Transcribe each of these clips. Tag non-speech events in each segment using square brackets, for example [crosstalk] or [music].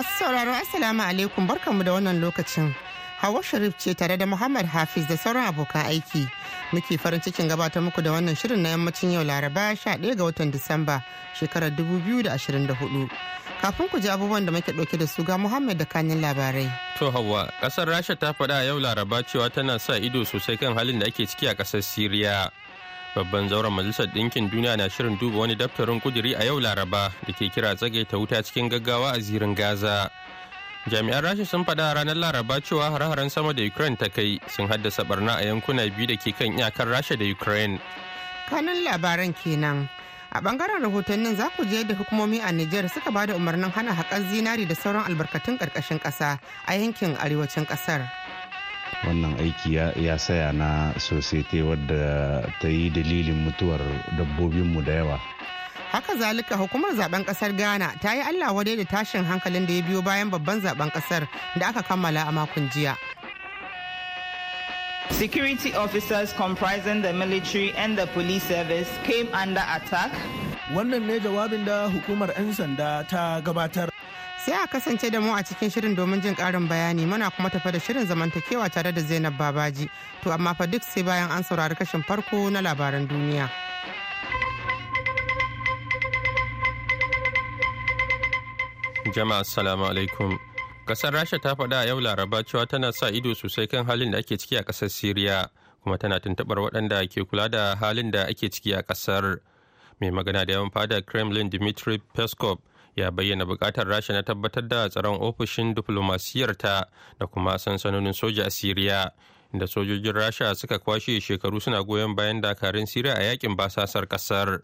Masu sauraro Assalamu alaikum barkanmu da wannan lokacin. Hawa Sharif ce tare da Muhammad Hafiz da sauran abokan aiki. Muke farin cikin gabatar muku da wannan shirin na yammacin yau Laraba 11 ga watan Disamba shekarar 2024. Kafin ku ji abubuwan da muke ɗauke da su ga Muhammad da kanin labarai. To Hawa, ƙasar Rasha ta faɗa yau Laraba cewa tana sa ido sosai kan halin da ake ciki a kasar Siriya. babban zauren majalisar ɗinkin duniya na shirin duba wani daftarin kuduri a yau laraba da ke kira ta wuta cikin gaggawa a zirin gaza jami'an rasha sun faɗa ranar laraba cewa hare-haren sama da ukraine ta kai sun haddasa barna a yankuna biyu da ke kan iyakar rasha da ukraine kanun labaran kenan a bangaren rahotannin za ku je da hukumomi a niger suka ba da umarnin hana haƙar zinari da sauran albarkatun ƙarƙashin ƙasa a yankin arewacin ƙasar wannan aiki ya saya na sosai wadda ta yi dalilin mutuwar dabbobinmu da yawa haka zalika hukumar zaben kasar ghana ta yi allah wadai da tashin hankalin da ya biyo bayan babban zaben kasar da aka kammala a makon jiya security officers comprising the military and the police service came under attack wannan ne jawabin da hukumar 'yan sanda ta gabatar sai a kasance da mu a cikin shirin domin jin karin bayani muna kuma tafa da shirin zamantakewa tare da zainab babaji to amma fa duk sai bayan an saurari kashin farko na labaran duniya jama'a assalamu alaikum kasar rasha ta faɗa a yau laraba cewa tana sa ido sosai kan halin da ake ciki a kasar siriya kuma tana tuntuɓar waɗanda ke kula da halin da ake ciki a ƙasar mai magana da yawan fada kremlin dmitry peskov ya bayyana bukatar rasha na tabbatar da tsaron ofishin diflomasiyarta da kuma sansanonin soja a siriya da sojojin rasha suka kwashe shekaru suna goyon bayan dakarun siriya a yakin basasar kasar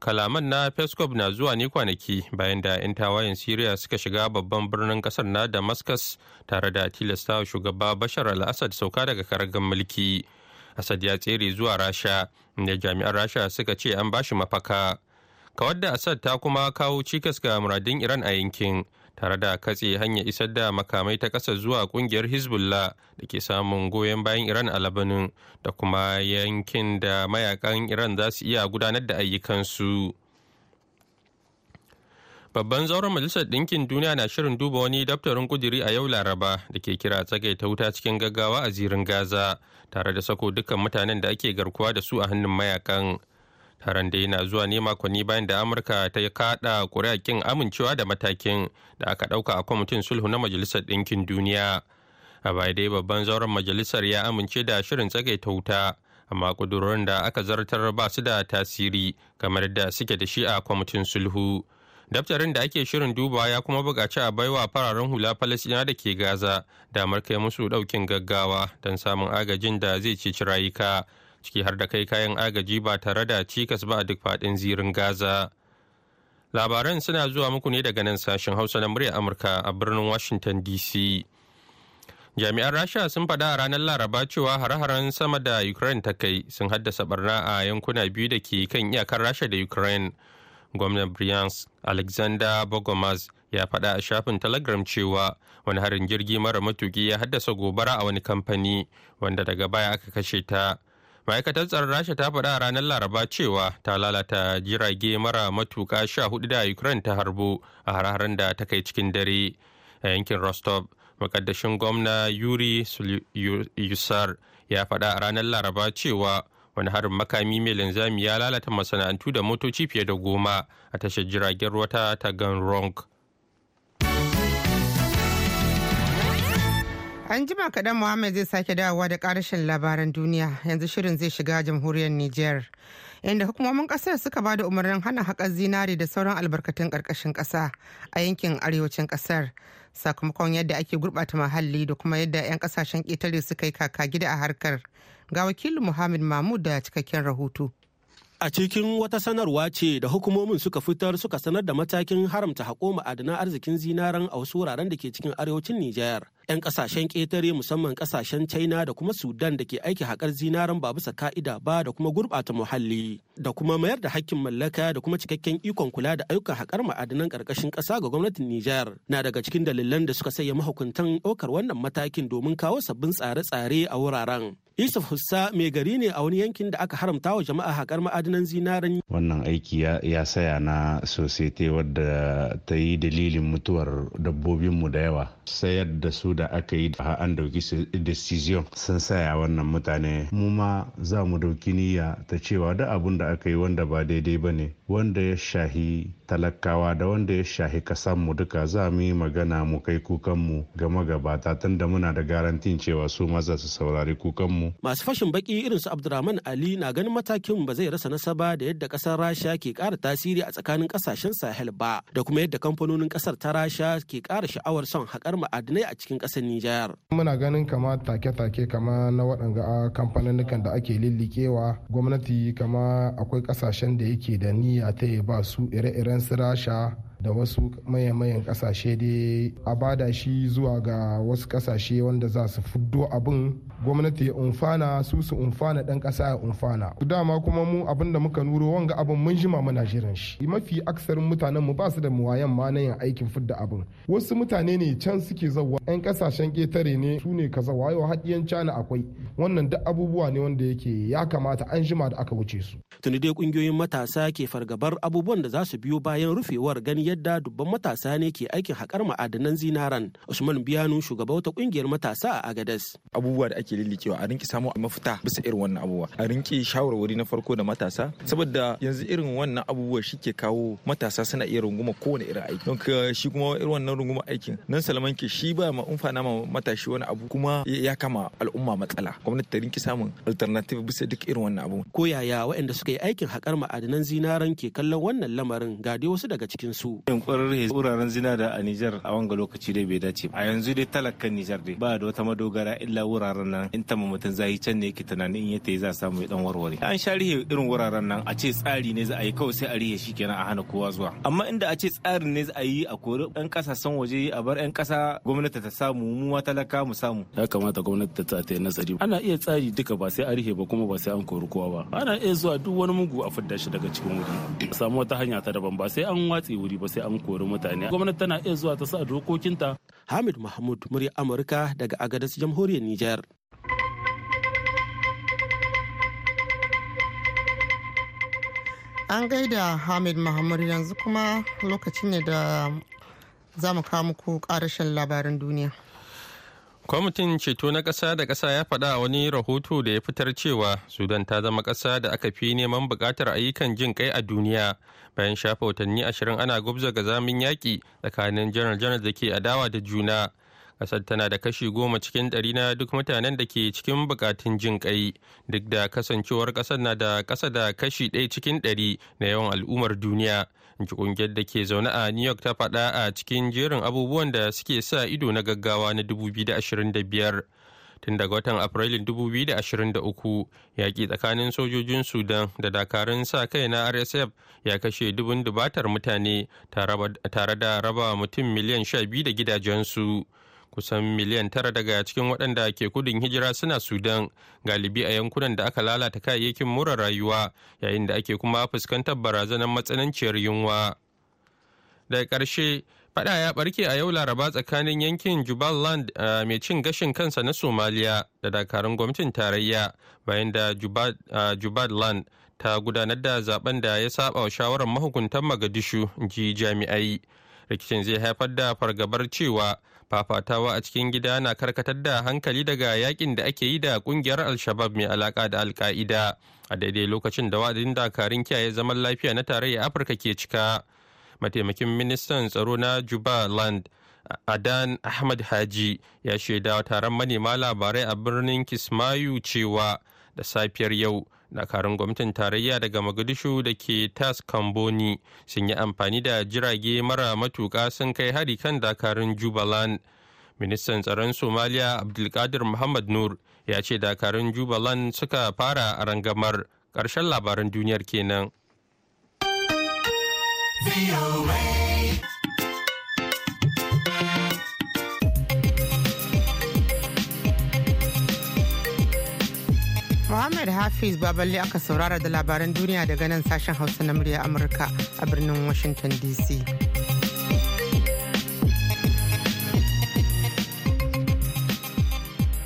kalaman na peskov na zuwa ne kwanaki bayan da 'yan tawayen siriya suka shiga babban birnin kasar na damascus tare da tilasta shugaba bashar al-assad sauka daga karagar mulki asad ya tsere zuwa rasha inda jami'an rasha suka ce an bashi mafaka kawar da assad ta kuma kawo cikas ga muradin iran a yankin tare da katse hanya isar da makamai ta kasa zuwa kungiyar hezbollah da ke samun goyon bayan iran a labanin da kuma yankin da mayakan iran za su iya gudanar da ayyukansu babban zauren majalisar ɗinkin duniya na shirin duba wani daftarin kudiri a yau laraba da ke kira tsagai ta wuta cikin gaggawa a zirin gaza tare da sako dukkan mutanen da ake garkuwa da su a hannun mayakan Taron da yana zuwa ne makonni bayan da Amurka ta kaɗa ƙuri'a ƙin amincewa da matakin da aka ɗauka a kwamitin sulhu na Majalisar Ɗinkin Duniya. A baya dai babban zauren majalisar ya amince da shirin tsagaita wuta, amma kudurorin da aka zartar ba su da tasiri kamar da suke da shi a kwamitin sulhu. daftarin da ake shirin duba ya kuma buƙaci a baiwa fararen hula falasina da ke gaza damar kai musu ɗaukin gaggawa don samun agajin da zai ceci rayuka ciki har da kai kayan agaji ba tare da cikas ba a duk faɗin zirin gaza labaran suna zuwa muku ne daga nan sashen hausa na murya amurka a birnin washington dc jami'an rasha sun faɗa a ranar laraba cewa hare-haren sama da ukraine ta kai sun haddasa barna a yankuna biyu da ke kan iyakar rasha da ukraine gwamnan bryansk alexander bogomaz ya faɗa a shafin telegram cewa wani harin jirgi mara matuki ya haddasa gobara a wani kamfani wanda daga baya aka kashe ta ma'aikatar tsaron rasha ta faɗa a ranar laraba cewa ta lalata jirage mara matuka sha hudu da ukraine ta harbo a har da ta kai cikin dare a yankin rostov makaddashin gwamna yuri yusar ya faɗa a ranar laraba cewa wani harin makami mai linzami ya lalata masana'antu da motoci fiye da goma a tashar jiragen ruwa ta taganrong An jima kaɗan Muhammad zai sake dawowa da ƙarashin labaran duniya yanzu shirin zai shiga jamhuriyar Nijar. Inda hukumomin ƙasar suka ba da umarnin hana haƙar zinari da sauran albarkatun ƙarƙashin ƙasa a yankin arewacin ƙasar. Sakamakon yadda ake gurɓata muhalli da kuma yadda 'yan ƙasashen ƙetare suka yi kaka gida a harkar. Ga wakilin Muhammad Mahmud da cikakken rahoto. A cikin wata sanarwa ce da hukumomin suka fitar suka sanar da matakin haramta haƙo ma'adanan arzikin zinaren a wasu wuraren da ke cikin arewacin Nijar. 'Yan ƙasashen ƙetare musamman ƙasashen China da kuma Sudan da ke aiki haƙar zinaren ba bisa ka'ida ba da kuma gurɓata muhalli da kuma mayar da hakkin mallaka da kuma cikakken ikon kula da ayyukan haƙar ma'adanan ƙarƙashin ƙasa ga gwamnatin Nijar na daga cikin dalilan da suka sanya mahukuntan ɗaukar wannan matakin domin kawo sabbin tsare-tsare a wuraren. Yusuf Hussa mai gari ne a wani yankin da aka haramta wa jama'a haƙar ma'adinan zinaren. Wannan aiki ya saya na sosai wadda ta yi dalilin mutuwar dabbobinmu da yawa. Sayar da su da aka yi da an dauki decision sun saya wannan mutane. Mu ma za mu dauki niyya ta cewa da abun da aka yi wanda ba daidai ba ne wanda ya shahi talakawa da wanda ya shahi kasanmu duka za mu yi magana mu kai kukanmu ga magabata tunda muna da garantin cewa su maza su saurari kukanmu mu. Masu fashin baki irin su Abdurrahman Ali na ganin matakin ba zai rasa nasaba da yadda kasar Rasha ke ƙara tasiri a tsakanin kasashen Sahel ba da kuma yadda kamfanonin kasar ta Rasha ke ƙara sha'awar son haƙar ma'adinai a cikin ƙasar Nijar. Muna ganin kama take-take kama na waɗanga kamfanonukan da ake lillikewa gwamnati kama akwai kasashen da yake da niyya ta ba su ire-iren su Rasha da wasu mayan-mayan kasashe dai a bada shi zuwa ga wasu kasashe wanda za su fuddo abin gwamnati ya umfana su su umfana dan kasa ya umfana dama kuma mu abinda muka nuro wanga abin mun jima muna jiran shi mafi aksarin mutanen mu ba su da muwayan ma na yin aikin fidda abin wasu mutane ne can suke zawa yan kasashen ketare ne su ne kaza wayo hadiyan cana akwai wannan duk abubuwa ne wanda yake ya kamata an jima da aka wuce su tuni dai kungiyoyin matasa ke fargabar abubuwan da za su biyo bayan rufewar gani yadda dubban matasa ne ke aikin haƙar ma'adanan zinaran usman biyanu shugaba wata kungiyar matasa a agadas abubuwa da ake lillikewa a rinki samu mafita bisa irin wannan abubuwa a rinki shawarwari na farko da matasa saboda yanzu irin wannan abubuwa shi ke kawo matasa suna iya runguma kowane irin aiki don shi kuma irin wannan runguma aikin nan ke shi ba ma umfana ma matashi wani abu kuma ya kama al'umma matsala gwamnati ta rinki samun alternative bisa duk irin wannan abu ko yaya waɗanda suka yi aikin haƙar ma'adanan zinaran ke kallon wannan lamarin ga dai wasu daga cikin su yunkurar wuraren zina da a Nijar a wanga lokaci dai bai dace a yanzu dai talakan Nijar dai ba da wata madogara illa wuraren nan in tamma mutum zai can ne yake tunanin in ya tayi za samu ya dan warware an sha rihe irin wuraren nan a ce tsari ne za a yi kawai sai a rihe shikenan a hana kowa zuwa amma inda a ce tsarin ne za a yi a kori yan san waje a bar yan kasa gwamnati ta samu mu ma talaka mu samu ya kamata gwamnati ta ta nazari ana iya tsari duka ba sai a rihe ba kuma ba sai an kori kowa ba ana iya zuwa duk wani mugu a fidda shi daga cikin wuri samu wata hanya ta daban ba sai an watse wuri ba sai an kori mutane gwamnati tana iya zuwa ta sa dokokinta Hamid Mahmud murya Amurka daga Agadez jamhuriyar Nijar An gaida Hamid mahamud yanzu kuma lokacin ne da za mu kawo muku ƙarashin labarin duniya. Kwamitin ceto na ƙasa da ƙasa ya faɗa a wani rahoto da ya fitar cewa Sudan ta zama ƙasa da aka fi neman buƙatar ayyukan jin kai a duniya bayan shafa watanni ashirin ana gubza ga zamin yaƙi tsakanin janar-janar da ke adawa da juna. kasar tana da kashi goma cikin ɗari na duk mutanen da ke cikin bukatun jin kai duk da kasancewar kasar na da kasa da kashi ɗaya cikin ɗari na yawan al'ummar duniya ji kungiyar da ke zaune a new york ta faɗa a cikin jerin abubuwan da suke sa ido na gaggawa na 2025 tun daga watan afrilun 2023 yaƙi tsakanin sojojin sudan da dakarun sa kai na rsf ya kashe dubun dubatar mutane tare da raba mutum miliyan 12 da gidajensu. kusan miliyan tara daga cikin waɗanda ke kudin hijira suna sudan galibi a yankunan da aka lalata kayayyakin mura rayuwa yayin da ake kuma fuskantar barazanar matsananciyar yunwa daga ƙarshe faɗa ya ɓarke a yau laraba tsakanin yankin jubaland mai cin gashin kansa na somaliya da dakarun gwamnatin tarayya bayan da jubaland ta gudanar da zaben da ya saba wa shawarar mahukuntan magadishu ji jami'ai rikicin zai haifar da fargabar cewa fafatawa a cikin gida na karkatar da hankali daga yakin da ake yi da kungiyar al-shabab mai alaka da alka'ida a daidai lokacin da wa'adin dakarun kiyaye zaman lafiya na tarayyar afirka ke cika mataimakin ministan tsaro na juba land adan ahmad haji ya shaida taron manema labarai a birnin kismayu cewa da safiyar yau dakarun gwamnatin tarayya daga Magadishu da ke tas kamboni sun yi amfani da jirage mara matuka sun kai hari kan dakarun jubaland ministan tsaron somaliya abdulkadir muhammad nur ya ce dakarun jubaland suka fara a rangamar ƙarshen labaran duniyar kenan. gaida da Hafiz Baballe aka saurara da labaran duniya daga nan sashen Hausa na murya Amurka a birnin Washington DC.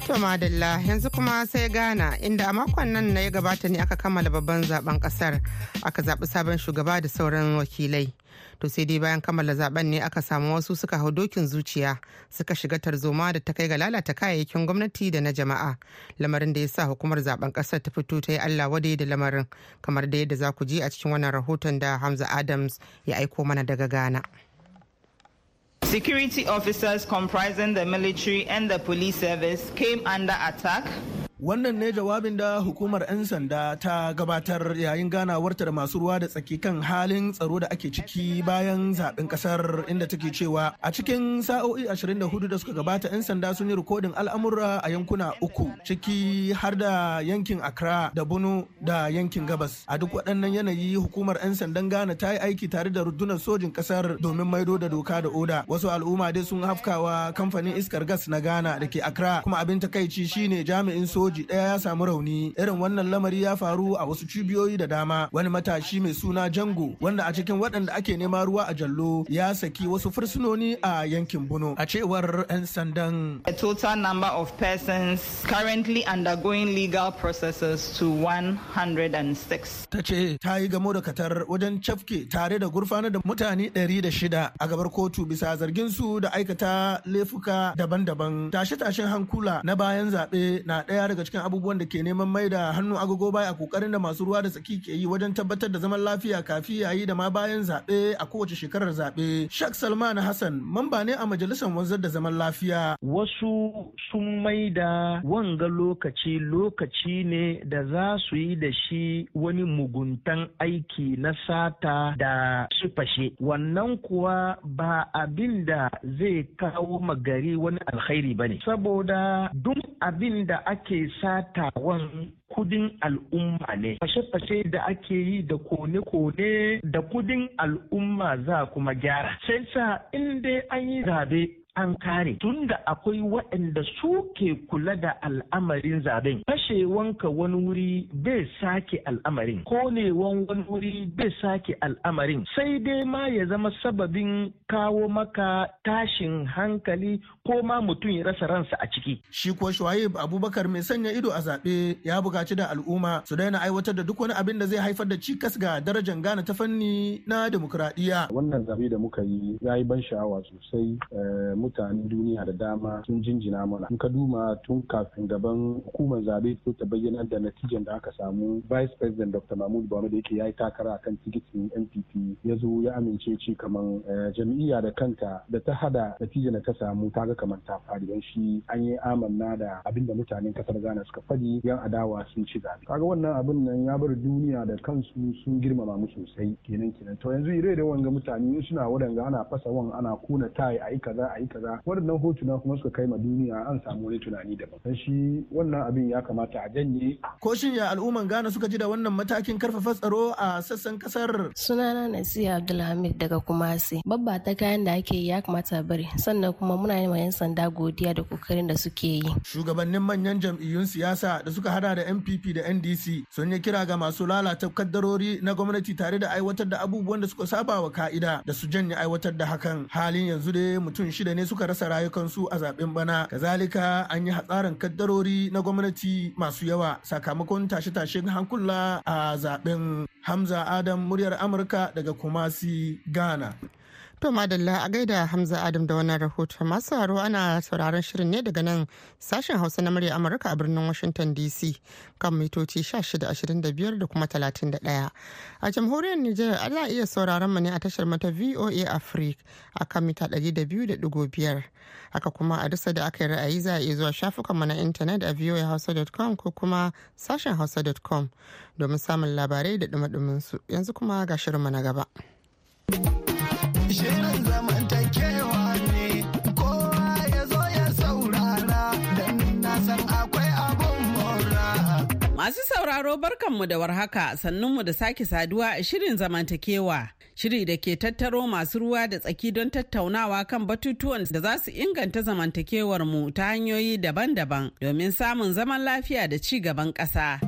To madalla yanzu kuma sai gana inda a makon nan na ya gabata ne aka kammala babban zaben kasar aka zaɓi sabon shugaba da sauran wakilai. To sai dai bayan kammala zaben ne aka samu wasu suka hau dokin zuciya suka shiga tarzoma da ta kai ga lalata kayayyakin gwamnati da na jama'a. Lamarin da ya sa hukumar zaben kasar ta fito ta yi Allah wadai da lamarin kamar da yadda za ku ji a cikin wannan rahoton da Hamza Adams ya aiko mana daga Ghana. Security officers comprising the military and the police service came under attack Wannan ne jawabin da hukumar 'yan sanda ta gabatar yayin ganawarta da masu ruwa da tsaki kan halin tsaro da ake ciki bayan zaben kasar inda take cewa a cikin sa'o'i 24 da suka gabata 'yan sanda sun yi rikodin al'amura a yankuna uku ciki har da yankin Accra da bunu da yankin Gabas. A duk waɗannan yanayi hukumar 'yan sandan Ghana ta yi aiki tare da rundunar sojin kasar domin maido da doka da oda. Wasu al'umma dai sun hafkawa kamfanin iskar gas na Ghana da ke Accra kuma abin takaici shine jami'in soja soji ɗaya ya samu rauni irin wannan lamari ya faru a wasu cibiyoyi da dama wani matashi mai suna jango wanda a cikin waɗanda ake nema ruwa a jallo ya saki wasu fursunoni a yankin buno a cewar 'yan sandan. A total number of persons currently undergoing legal processes to 106. Ta ce ta yi gamo da katar wajen cafke tare da gurfanar da mutane 106 a gabar kotu bisa zargin su da aikata laifuka daban-daban. Tashe-tashen hankula na bayan zaɓe na ɗaya daga daga cikin abubuwan da ke neman mai da hannu agogo baya a kokarin da masu ruwa da tsaki ke yi wajen tabbatar da zaman lafiya kafi yayi da ma bayan zaɓe a kowace shekarar zaɓe. Shak Salman Hassan mamba ne a majalisar wanzar da zaman lafiya. Wasu sun mai da wanga lokaci lokaci ne da za su yi da shi wani muguntan aiki na sata da su fashe. Wannan kuwa ba abin da zai kawo magari wani alkhairi ba ne. Saboda duk abin da ake sata satawan kudin al'umma ne fashe-fashe da ake yi da kone-kone da kudin al'umma za kuma gyara sai sa in dai an yi zabe an kare tunda akwai waɗanda su ke kula da al'amarin zaben fashewanka wani wuri bai sake al'amarin konewan wani wuri bai sake al'amarin sai dai ma ya zama sababin kawo maka tashin hankali ko ma mutum ya rasa ransa a ciki shi ko shuaib abubakar mai sanya ido a zaɓe ya buƙaci da al'umma su daina aiwatar da duk wani abin da zai haifar da cikas ga darajar gane ta fanni na demokuraɗiyya wannan zaɓe da muka yi ya yi ban sha'awa sosai eh, mutanen duniya da dama sun jinjina mana in ka duma tun kafin gaban hukumar zabe ko ta bayyana da natijan da aka samu vice president dr mahmud bawumia da yake ya yi takara akan tikitin npp ya zo ya amince ce kamar eh, jam'iyya da kanta da ta hada natijan da ta samu ta ga kamar ta fari don shi an yi amanna da abin da mutanen kasar ghana suka fadi yan adawa sun ci zabe kaga wannan abin nan ya bar duniya da kansu sun girmama mu sosai kenan kenan to yanzu ire da wanga mutane suna wadanga ana fasa wan ana kuna tayi a yi kaza yi kaza waɗannan hotuna kuma suka kai ma duniya an samu wani tunani daban dan shi wannan abin ya kamata a janye ko shin ya al'umman Ghana suka ji da wannan matakin karfafa tsaro a sassan kasar sunana nasi Abdulhamid daga Kumasi babba ta kayan da ake ya kamata bari sannan kuma muna yi yan sanda godiya da kokarin da suke yi shugabannin manyan jam'iyyun siyasa da suka hada da NPP da NDC sun yi kira ga masu lalata kaddarori na gwamnati tare da aiwatar da abubuwan da suka saba wa ka'ida da su janye aiwatar da hakan halin yanzu dai mutum shida mutane suka rasa rayukansu a zaben bana kazalika an yi hatsarin kaddarori na gwamnati masu yawa sakamakon tashe-tashen hankula a zaben hamza adam muryar amurka daga kumasi ghana To madalla a gaida Hamza Adam da wannan rahoton masu haro ana sauraron shirin ne daga nan sashen Hausa na murya Amurka a birnin Washington DC kan mitoci 1625 da kuma 31. A jamhuriyar Nijar ana iya sauraron mu ne a tashar mata VOA Africa a kan mita 200.5. Haka kuma a dusa da aka yi ra'ayi za a iya zuwa shafukan mu na intanet a voahausa.com ko kuma sashen hausa.com domin samun labarai da dumi su yanzu kuma ga shirin mu na gaba. Masu sauraro barkanmu da warhaka sannunmu da sake saduwa a shirin zamantakewa. Shiri da ke tattaro masu ruwa da tsaki don tattaunawa kan batutuwan da za su inganta zamantakewar mu ta hanyoyi daban-daban domin samun zaman lafiya da ci gaban ƙasa.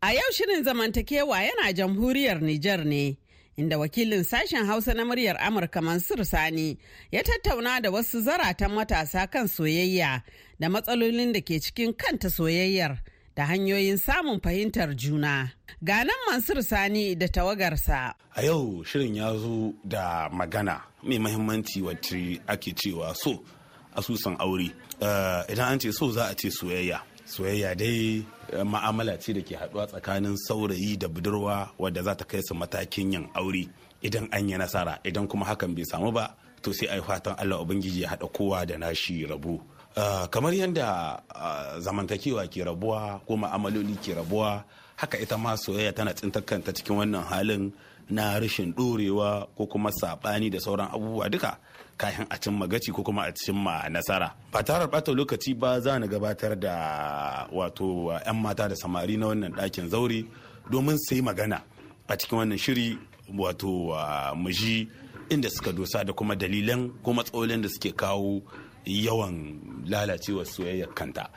A yau shirin zamantakewa yana jamhuriyar Nijar ne. inda wakilin sashen hausa na muryar amurka mansur sani ya tattauna da wasu zaratan matasa kan soyayya da matsalolin da ke cikin kanta soyayyar da hanyoyin samun fahimtar juna. Ganan Mansur Sani da tawagarsa. A yau shirin ya zo da magana mai mahimmanci wacce ake cewa so asusun aure. Eh, idan an ce so za a ce soyayya. soyayya dai eh, ma'amala ce da ke haɗuwa tsakanin saurayi da budurwa wadda za ta kai su matakin yin aure idan an yi nasara idan kuma hakan bai samu ba to sai a yi fatan allah ubangiji ya haɗa kowa da nashi rabu. Eh, kamar yadda eh, zamantakewa ke rabuwa ko ma'amaloli ke rabuwa haka ita ma soyayya tana tsintakanta cikin wannan halin na rashin ɗorewa ko kuma saɓani da sauran abubuwa duka kayan a cimma gaci ko kuma a cimma nasara ba tare ɓata lokaci ba za na gabatar da wato 'yan mata da samari na wannan ɗakin zaure domin sai magana a cikin wannan shiri wato eh, muji inda suka dosa da kuma dalilan ko matsalolin da suke kawo yawan lalacewar soyayyar kanta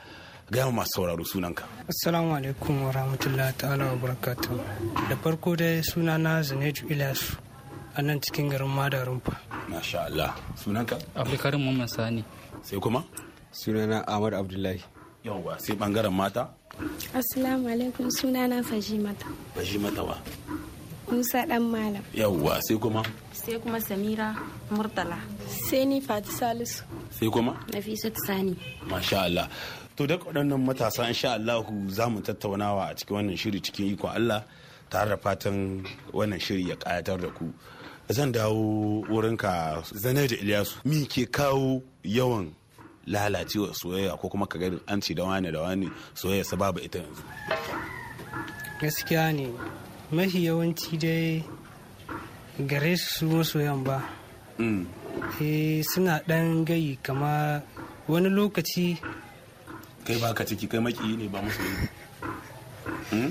gaya masu sauraro sunanka. Assalamu alaikum wa rahmatullahi ta'ala wa barakatu. Da farko dai suna na Zaneju Ilyasu a nan cikin garin Madarumfa. Masha Allah. Sunanka? Abdulkarim Mamman Sani. Sai kuma? Sunana Ahmad Abdullahi. Yawwa sai bangaren mata? Assalamu alaikum sunana Fajimata. Fajimata wa? Musa dan Malam. Yawwa sai kuma? sai kuma samira murtala sai ni fati salisu sai kuma nafisat sani masha Allah to da waɗannan matasa insha Allah za mu tattaunawa a cikin wannan shiri cikin iko Allah tare da fatan wannan shiri ya kayatar da ku zan dawo wurinka zanar da Ilyasu me ke kawo yawan lalacewa soyayya ko kuma gani an ce da wani da wani soyayya sababa ita yanzu gaskiya ne mafi yawanci dai gare su masoyan ba mm. eh, suna ɗan gayi kama wani lokaci kai ba ka ciki kai maki ne ba yi hmm?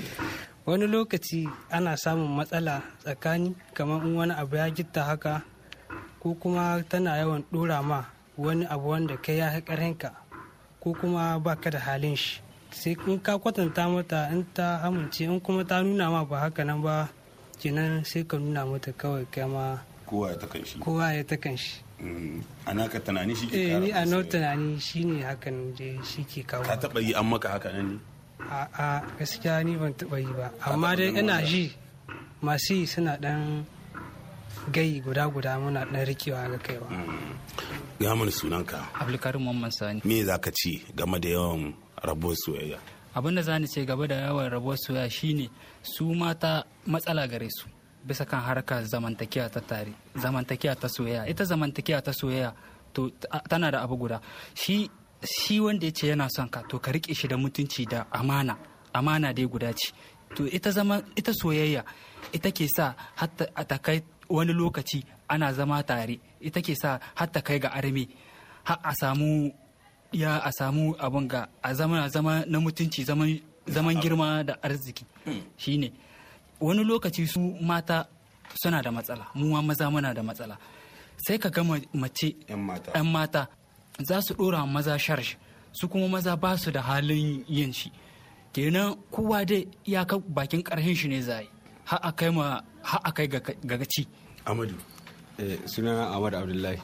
wani lokaci ana samun matsala tsakani kamar in wani abu ya gitta haka ko kuma tana yawan ɗora ma wani abu wanda kai ya haƙarinka ko kuma ba ka da halin shi sai in ka kwatanta mata in ta amince in kuma ta nuna ma ba haka nan ba kenan sai ka nuna mata kawai kama kowa ya takan shi kowa ya takan shi mm, a naka tunani shi ke eh, kawo ni a nau tunani shi ne hakan da shi ke kawo ka taba yi an maka haka nan ne a gaskiya ni ban taba yi ba amma dai ina ji masu yi suna dan gai guda-guda muna ɗan rikewa ga kaiwa. Ya mm. mana sunanka. Abdulkarim Mamman Sani. Me za ka ci game da yawan rabuwar soyayya? abin da zani ce gaba da yawan rabuwar soya shine su mata matsala gare su bisa kan harka zamantakiya ta tare zamantakiya ta soyayya ita zamantakiya ta soyayya to tana da abu guda shi wanda ya ce yana son ka to ka rike shi da mutunci da amana amana ya guda ce to ita zama ita soyayya ita ke sa hatta a takai wani lokaci ana zama tare ita ke sa hatta kai ga armi a samu ya a samu abin ga a zama zama na mutunci zaman girma da arziki hmm. shine wani lokaci su mata suna da matsala mu maza muna da matsala sai ka ga mace 'yan mata za su dora maza sharshi su kuma maza ba su da halin yin shi kenan kowa dai ya ka bakin karhin shi ne zai har kai ga gaci amadu eh, Suna amadu abdullahi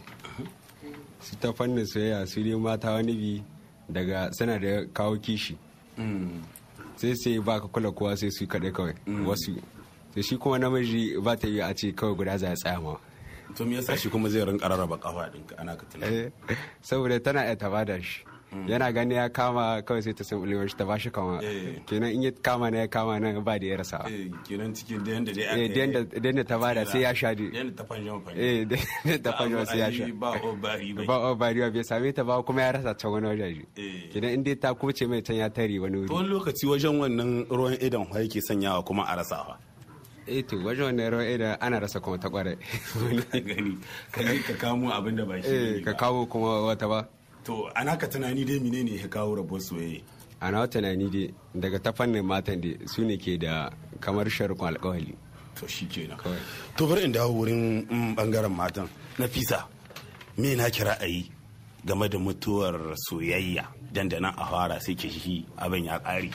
su ta fannin soyayya su ne mata wani bi daga suna da kawo kishi mm. sai sai ba ka kula kowa sai su kaɗai kawai mm. wasu sai shi kuma namiji ba ta yi a ce kawai guda za a tsaya ma to me yasa shi kuma zai rinka rarraba kafa ɗinka ana ka eh, saboda tana iya ta bada shi Mm. yana gani ya kama kawai sai ta san ulewar ta bashi kama eh. kenan in ya kama na ya kama na ba da ya rasa eh, kenan cikin da yanda dai eh, aka da yanda ta bada sai ya sha dai yanda ta fanjo fanjo eh da ta fanjo sai ya sha ba o bari ba o bari ba bai same ta ba kuma ya rasa ta wani wajaje kenan in dai ta kuce mai can ya tare wani wuri to lokaci wajen wannan ruwan idan wa yake sanyawa kuma a rasa fa eh to wajen wannan ruwan idan ana rasa kuma ta kware [laughs] gani ka kamo abin da ba shi ka kawo kuma wata ba to ana ka tunani dai menene ya kawo rabuwar soyayya a nawa tunani dai daga ta fannin matan da su ne ke da kamar sharkon alkawali to shi to bari in dawo wurin bangaren mm, matan Na fisa me na kira ayi game da mutuwar soyayya dandanan a fara sai ke shi abin ya ƙari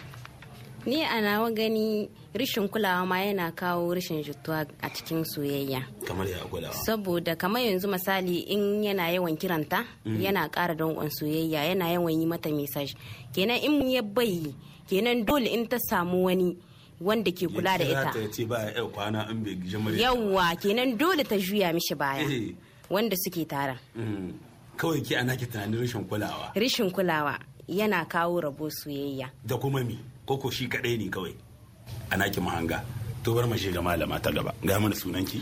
ni a nawa gani rishin kulawa ma yana kawo rishin jituwa a cikin soyayya kamar ya kulawa saboda kamar yanzu misali in yana yawan kiranta mm. yana ƙara danƙon soyayya yana yawan yi mata message kenan in ya bayi kenan dole in ta samu wani wanda ke kula da ita yawwa kenan dole ta juya mishi baya eh. wanda suke tara mm. kawai ke ana ke tunanin rashin kulawa rashin kulawa yana kawo rabo soyayya da kuma mi koko shi kadai ne kawai a naki mahanga to bar mu ga malama ta gaba ga mana sunanki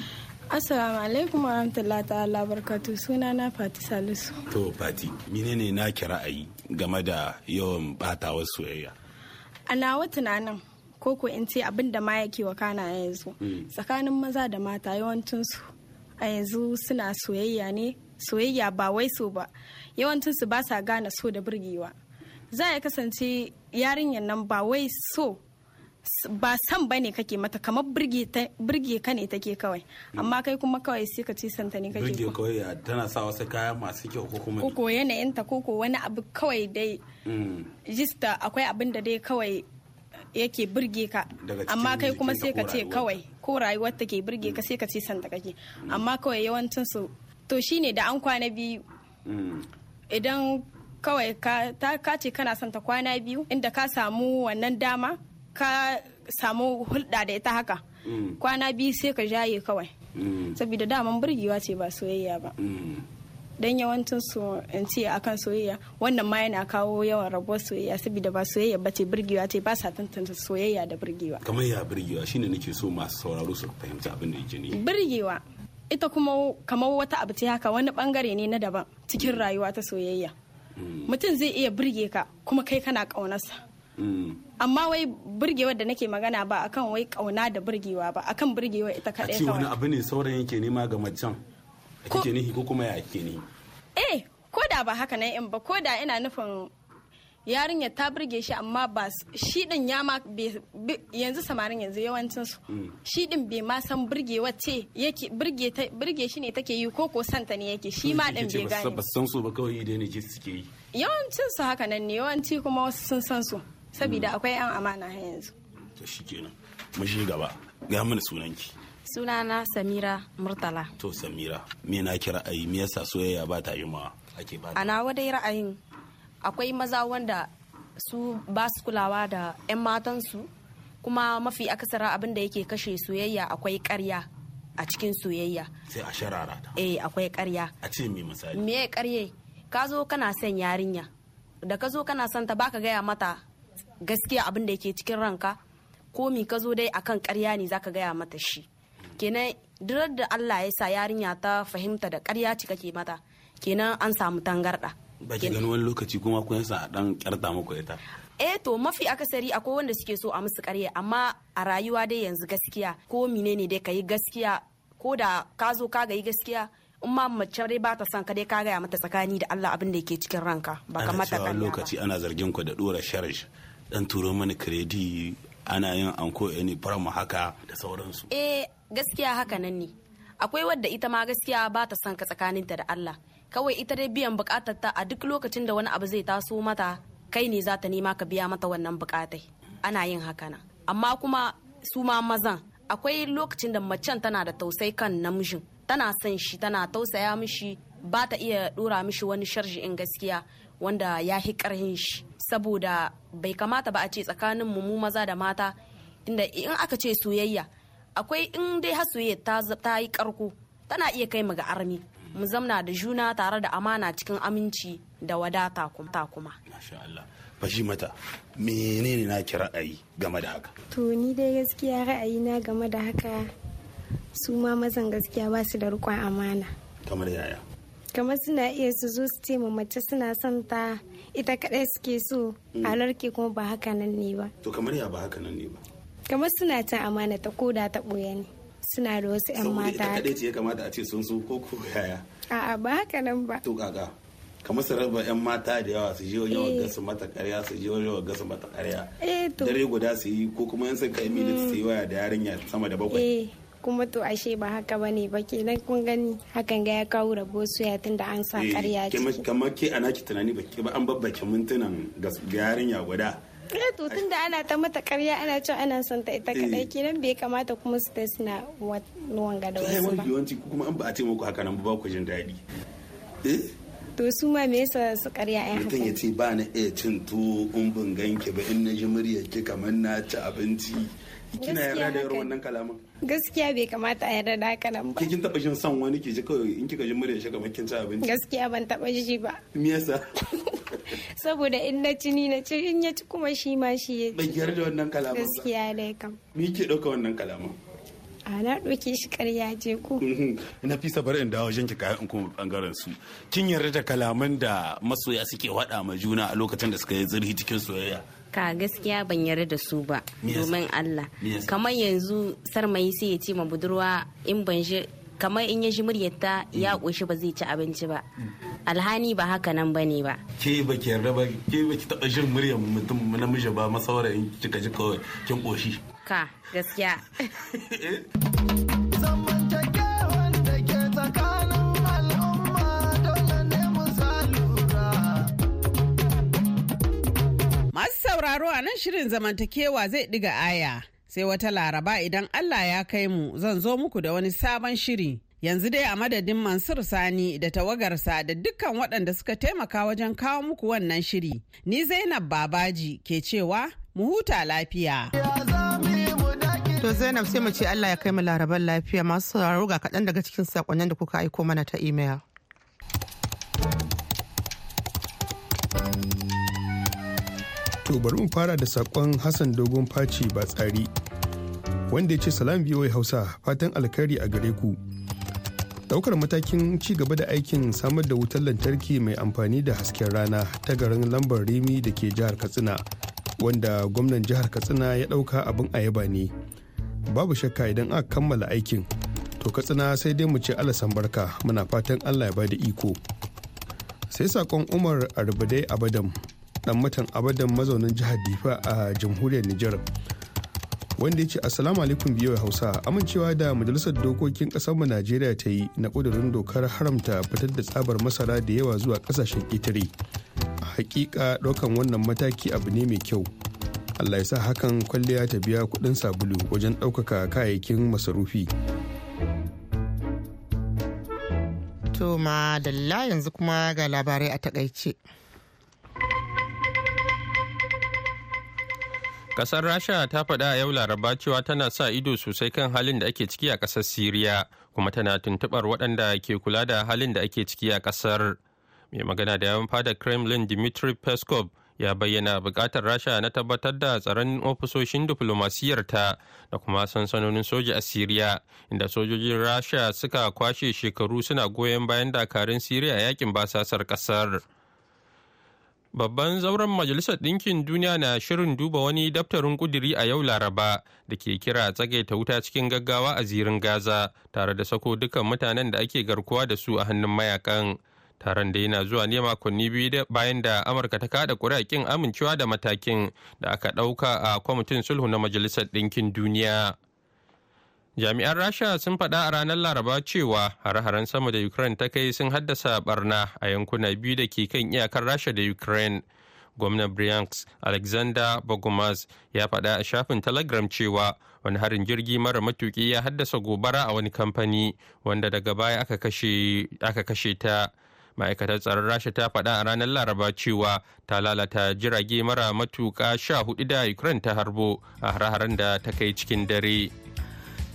Assalamu alaikum wa rahmatullahi ta'ala barkatu suna Fati Salisu. To Fati, menene na ki ra'ayi game da yawan batawar soyayya? A nawa tunanin ko ko in ce abin da ma yake wakana a yanzu. Hmm. Tsakanin maza da mata yawancinsu a yanzu suna soyayya ne, soyayya ba wai so ba. Yawancinsu ba sa gane so da burgewa. Za ya kasance yarinyar nan ba wai so ba san ba ne kake mata kamar birge ka ne take kawai amma kai kuma kawai sai ka ci santa ne kake birge kawai ya tana sa wasu kaya masu kyau ko kuma ko yanayin ta ko wani abu kawai dai mm. jista akwai abin da dai kawai yake birge ka amma kai kuma sai ka ce kawai ko rayuwar take birge ka mm. sai ka ci santa kake mm. amma kawai yawancin su to shine da an kwana biyu idan kawai ka ce kana son ta kwana biyu inda ka samu wannan dama ka samu hulɗa da ita haka mm. kwana biyu sai ka jaye kawai mm. saboda daman burgewa ce ba soyayya ba mm. dan yawancin su in ce akan soyayya wannan ma yana kawo yawan rabuwar soyayya saboda ba soyayya ba ce burgewa ce ba sa tantance soyayya da burgewa kamar ya burgewa shine nake so masu sauraro su fahimta abin da yake ne burgewa ita kuma kamar wata abu ce haka wani bangare ne na daban cikin rayuwa ta soyayya mutum zai iya burge ka kuma kai kana kaunarsa amma wai burgewar da nake magana ba akan wai kauna da burgewa ba akan burgewar ita kadai kawai a ce wani abu ne saurayin yake nema ga macen kike nihi ko kuma ya ake nihi eh ko da ba haka nan in ba ko da ina nufin yarinya ta burge shi amma ba shi din ya ma yanzu samarin yanzu yawancin su hmm. shi din bai ma san burgewa ce yake burge ta burge shi ne take yi ko ko santa ne yake shi ma din bai gane ba san su ba kawai idan ne ke suke yi yawancin su haka nan ne yawanci kuma wasu sun san su saboda mm. akwai 'yan amana har yanzu to shikenan mu shi gaba ga mana sunanki sunana samira murtala to samira me na ki ra'ayi me yasa soyayya ba ta yi ma ake ba ana wadai ra'ayin akwai maza wanda su ba su kulawa da 'yan matansu kuma mafi akasara abin da yake kashe soyayya akwai karya a cikin soyayya sai a sharara ta eh akwai karya a ce me misali me karye ka zo kana son yarinya da ka zo kana son ta baka gaya mata gaskiya abin da yake cikin ranka ko mi ka zo dai akan karya ne zaka gaya mata shi kenan durar da Allah ya sa yarinya ta fahimta da karya ci kake mata kenan an samu tangarda ba ki gani wani lokaci kuma kun sa dan kyarta muku ita eh to mafi akasari akwai wanda suke so a musu karya amma a rayuwa dai yanzu gaskiya ko ne dai kayi gaskiya ko da ka zo ka ga gaskiya in ma mace dai ba ta son ka dai ka gaya mata tsakani da Allah abin da yake cikin ranka ba ka mata lokaci ana zargin ku da dora sharish dan turo mana kredi ana yin anko any promo haka da sauransu eh gaskiya haka nan ne akwai wadda ita ma gaskiya ba ta son ka tsakaninta da Allah kawai ita dai biyan bukatar ta a duk lokacin da wani abu zai taso mata kai ne za ta nema ka biya mata wannan bukatai ana yin haka nan amma kuma su ma mazan akwai lokacin da macen tana da tausai kan namijin tana son shi tana tausaya mishi ba ta iya dora mishi wani sharji in gaskiya wanda ya fi karhin shi saboda bai kamata ba a ce tsakanin mu maza da mata inda in aka ce soyayya akwai in dai har soyayya ta yi karko tana iya kai mu ga armi mu zamna da juna tare da amana cikin aminci da wadata kuma. Masha Allah. Fashi mata, menene na ki ra'ayi game da haka? To ni dai gaskiya ra'ayi na game da haka su ma mazan gaskiya ba su da rikon amana. Kamar yaya? kamar suna iya su zo su ce ma mace suna son ta ita kadai suke so mm. ke kuma ba haka nan ne ba to kamar ya ba haka nan ne ba kamar suna ta amana ta koda ta boye ne suna da wasu yan mata ita kadai ce ya kamata a ce sun so ko ko yaya a'a ba haka nan ba to kaga kamar su raba 'yan mata da yawa su je wani wagga eh. su mata karya su eh je wani wagga su mata karya dare guda su yi ko kuma yan sun kai minit su yi waya da yarinya sama da bakwai eh. kuma to ashe ba haka ba ne ba kenan kun gani hakan ga ya kawo rabo suya tun da an sa eh, karya ciki kamar ke ana ki tunani ba ke ba an babbake mintunan ga yarinya guda eh, to tun da ana ta mata karya ana cewa ana son ta ita kadai eh. kenan bai kamata kuma su ta suna wanga da wasu ba yawanci kuma an ba a ce muku haka nan ba ku jin daɗi eh to su ma me yasa su karya ai mutum ya ce ba na iya cin tuwo in ganki ba in na ji muryar ki kamar na ci abinci kina yarda da wannan kalaman gaskiya bai kamata a yarda da haka ba kin taba jin son wani ki ji kawai in kika ji muryar shi kamar kin ci abinci gaskiya ban taba ji ba me yasa [laughs] saboda in na ci ni na ci in ya ci kuma shi ma shi ya ci ban yarda wannan kalaman ba gaskiya dai kam me yake dauka wannan kalaman a na ɗauke shi karya je ku. Mhm. na fi sabar in dawo jinki kayan in kuma bangaren su kin yarda da kalaman da masoya suke waɗa ma juna a lokacin da suka yi zurhi cikin soyayya ka gaskiya ban yarda da su ba domin Allah kamar yanzu sarmayi sai ya ce ma budurwa in ban shi kamar in ya shi muryarta ya mm. ƙoshi ba zai ci abinci ba mm. alhani ba haka nan bane ba ke ba ke yarda ba ke ba ki taba jin muryar mutum namiji ba masaura in kika ji kawai kin ƙoshi ka gaskiya [laughs] eh? zamantakewan wanda ke tsaka. sauraro a nan shirin zamantakewa zai ɗiga aya. Sai wata laraba idan Allah ya kai mu zan zo muku da wani sabon shiri. Yanzu dai a madadin Mansur Sani da tawagarsa da dukkan waɗanda suka taimaka wajen kawo muku wannan shiri. Ni Zainab Babaji ke cewa mu huta lafiya. To Zainab sai mu ce Allah ya kai mu laraban lafiya masu sauraro ga kaɗan daga cikin sakonnin da kuka aiko mana ta imel. To bari mu fara da saƙon Hassan Dogon Faci ba tsari. Wanda ya ce salam biyoyi Hausa fatan alkhairi a gare ku. Daukar matakin ci gaba da aikin samar da wutar lantarki mai amfani da hasken rana ta garin lambar Rimi da ke jihar Katsina. Wanda gwamnan jihar Katsina ya ɗauka abin ayaba ne. Babu shakka idan aka kammala aikin. To Katsina sai dai mu ce alasan barka muna fatan Allah ya bada iko. Sai saƙon Umar Arbadai Abadam dan matan abadan mazaunin jihar difa a jamhuriyar nijar wanda ya ce assalamu alaikum biyu hausa amincewa da majalisar dokokin mu najeriya ta yi na ƙudurin dokar haramta fitar da tsabar masara da yawa zuwa ƙasashen ƙetare hakika ɗaukan wannan mataki abu ne mai kyau allah ya sa hakan kwalliya ta biya kuɗin sabulu wajen ɗaukaka kayayyakin masarufi to ma yanzu kuma ga labarai a takaice Kasar Rasha ta faɗa a yau Laraba cewa tana sa ido sosai kan halin da ake ciki a ƙasar Siriya kuma tana tuntuɓar waɗanda ke kula da halin da ake ciki a ƙasar. Mai magana da yawan fada Kremlin Dmitry Peskov ya bayyana buƙatar Rasha na tabbatar da tsaron ofisoshin diflomasiyarta da kuma sansanonin soja a Siriya inda sojojin Rasha suka kwashe shekaru suna goyon bayan dakarun Siriya yakin basasar ƙasar. Babban zauren Majalisar Ɗinkin Duniya na shirin duba wani daftarin ƙudiri a yau Laraba da ke kira tsagaita wuta cikin gaggawa a zirin Gaza tare da sako dukkan mutanen da ake garkuwa da su a hannun mayakan. Taron da yana zuwa ne makonni biyu bayan da Amurka ta kada ƙuri'a amincewa da matakin da aka ɗauka a kwamitin sulhu na Majalisar Ɗinkin Duniya. Jami'an Rasha sun faɗa a ranar Laraba cewa hare-haren sama da Ukraine ta kai sun haddasa barna a yankuna biyu da ke kan iyakar Rasha da Ukraine. Gwamnan Bryansk Alexander Bogomaz ya faɗa a shafin Telegram cewa wani harin jirgi mara matuki ya haddasa gobara a wani kamfani wanda daga baya aka kashe ta. ma'aikatar tsaron rasha ta faɗa a ranar laraba cewa ta lalata jirage mara matuƙa sha hudu da ukraine ta harbo a hare-haren da ta kai cikin dare.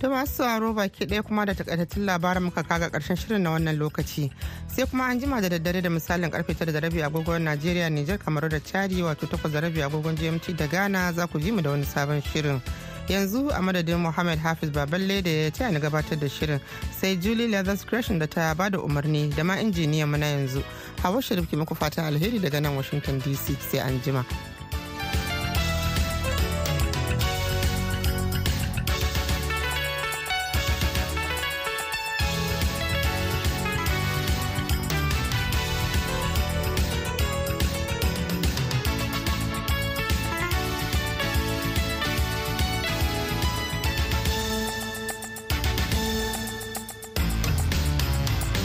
To masu sauraro baki ɗaya kuma da takaitattun labarin muka kaga ƙarshen shirin na wannan lokaci. Sai kuma an jima da daddare da misalin karfe tara da rabi agogon Najeriya, Nijar, Kamaru da Chadi wato takwas da rabi agogon GMT da Ghana za ku ji mu da wani sabon shirin. yanzu a madadin Muhammad Hafiz Baballe da ya ce ni gabatar da shirin sai Julie Leathers Creation da ta ba da umarni da ma injiniya mu na yanzu. Hawa Sharif ke muku fatan alheri daga nan Washington DC sai an jima.